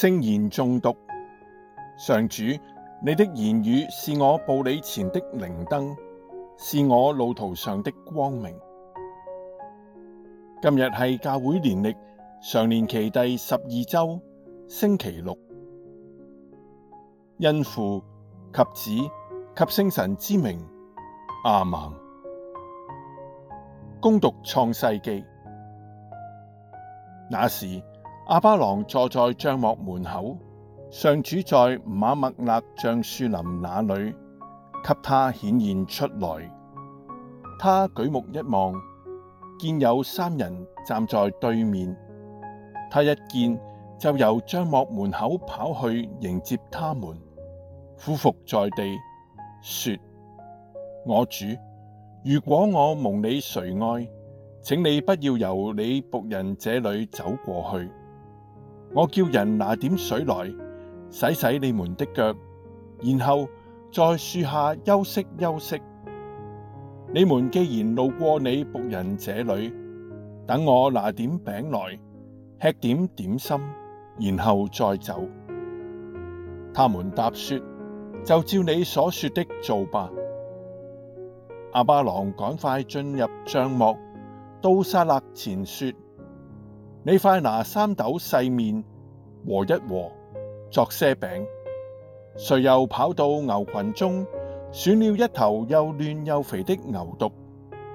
聖言誦讀，上主，你的言語是我步你前的靈燈，是我路途上的光明。今日係教會年曆常年期第十二周星期六，因父及子及聖神之名，阿門。恭讀創世紀，那時。亞巴郎坐在帳幕門口，上主在瑪默勒橡樹林那裏，給他顯現出來。他舉目一望，見有三人站在對面。他一見就由帳幕門口跑去迎接他們，俯伏，伏在地說：我主，如果我蒙你垂愛，請你不要由你僕人這裏走過去。我叫人拿點水來，洗洗你們的腳，然後在樹下休息休息。你們既然路過你僕人這裏，等我拿點餅來，吃點點心，然後再走。他們答說：就照你所說的做吧。亞巴郎趕快進入帳幕，到撒辣前說。你快拿三斗細麵和一和，作些餅。遂又跑到牛群中，選了一頭又嫩又肥的牛犢，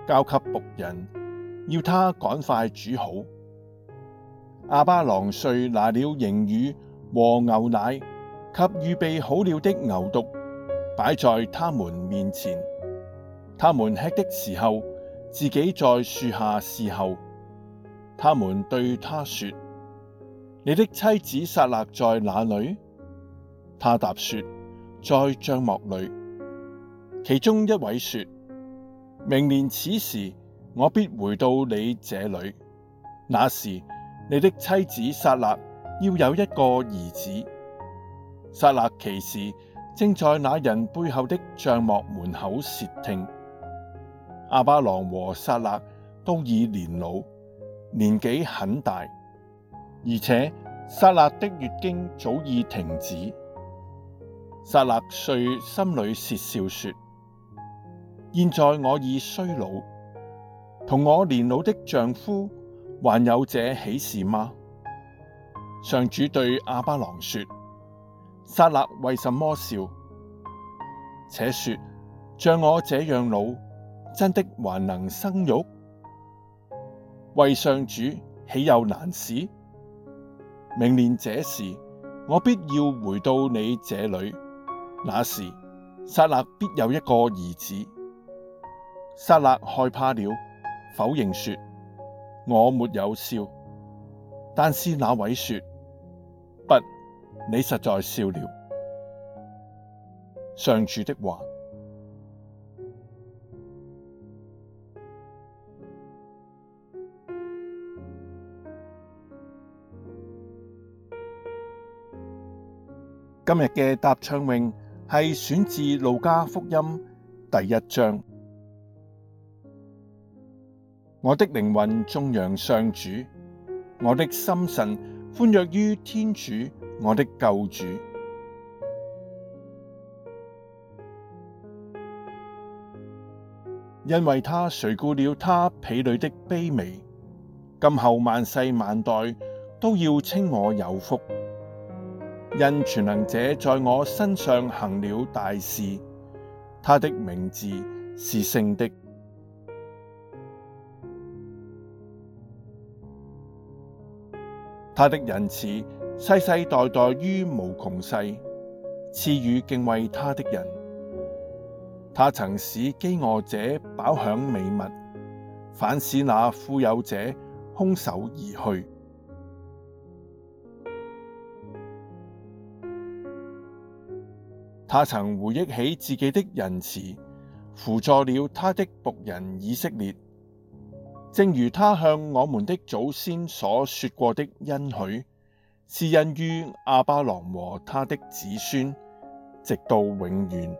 交給僕人，要他趕快煮好。亞巴郎遂拿了凝乳和牛奶及預備好了的牛犢，擺在他們面前。他們吃的時候，自己在樹下侍候。他們對他說：你的妻子撒辣在哪裏？他答說：在帳幕裏。其中一位說：明年此時我必回到你這裏，那時你的妻子撒辣要有一個兒子。撒辣其時正在那人背後的帳幕門口竊聽。亞巴郎和撒辣都已年老。.年紀很大，而且撒辣的月經早已停止。撒辣遂心裏竊笑說：現在我已衰老，同我年老的丈夫，還有這喜事嗎？上主對亞巴郎說：撒辣為什麼笑？且說像我這樣老，真的還能生育？為上主豈有難事？明年這時，我必要回到你這裏。那時，撒辣必有一個兒子。撒辣害怕了，否認說：我沒有笑。但是那位說：不，你實在笑了。上主的話。今日嘅答唱詠，係選自《路加福音》第一章。我的靈魂頌揚上主，我的心神歡躍於天主，我的救主。因為他垂顧了他婢女的卑微，今後萬世萬代都要稱我有福。因全能者在我身上行了大事，他的名字是聖的，他的仁慈世世代代於無窮世，賜與敬畏他的人。他曾使飢餓者飽饗美物，反使那富有者空手而去。他曾回憶起自己的仁慈，扶助了他的僕人以色列，正如他向我們的祖先所說過的恩許，施恩於亞巴郎和他的子孫，直到永遠。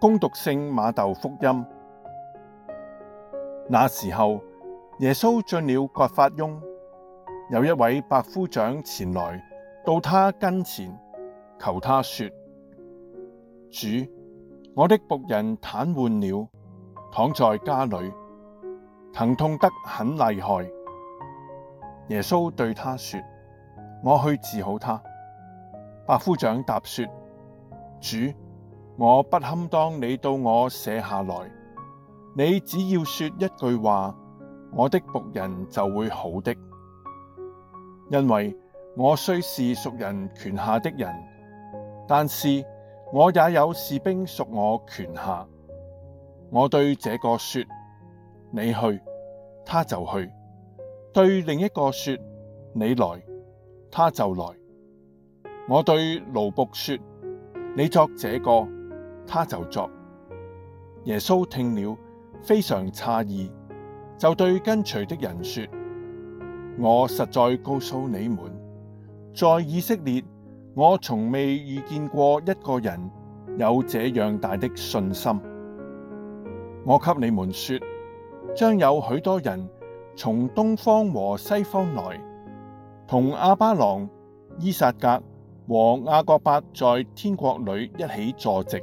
恭 讀聖瑪竇福音。那時候，耶穌進了葛法翁，有一位百夫長前來到他跟前，求他說：主，我的僕人癱瘓了，躺在家裏，疼痛得很厲害。耶穌對他說：我去治好他。百夫長答說：主，我不堪當你到我舍下來。你只要說一句話，我的僕人就會好的，因為我雖是屬人權下的人，但是我也有士兵屬我權下。我對這個說，你去，他就去；對另一個說，你來，他就來。我對奴僕說，你作這個，他就作。耶穌聽了，非常詫異，就對跟隨的人說：我實在告訴你們，在以色列，我從未遇見過一個人有這樣大的信心。我給你們說，將有許多人從東方和西方來，同亞巴郎、依撒格和雅各伯在天國裏一起坐席。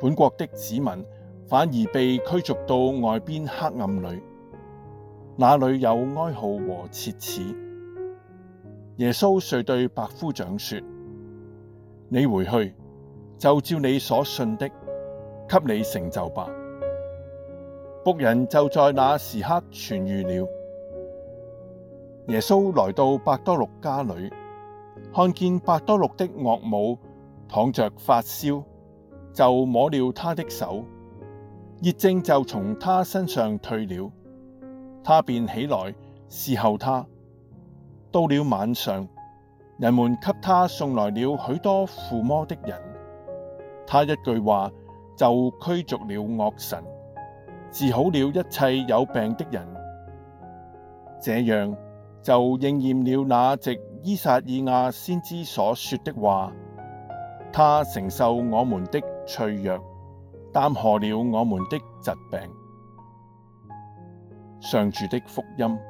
本國的子民。反而被驅逐到外邊黑暗裏，那裏有哀號和切齒。耶穌遂對百夫長說：你回去，就照你所信的，給你成就吧。僕人就在那時刻痊愈了。耶穌來到伯多祿家裏，看見伯多祿的岳母躺着發燒，就摸了他的手。熱症就從他身上退了，他便起來侍候他。到了晚上，人們給他送來了許多附魔的人，他一句話就驅逐了惡神，治好了一切有病的人。這樣就應驗了那藉依撒意亞先知所說的話：他承受我們的脆弱。擔荷了我們的疾病。上主的福音。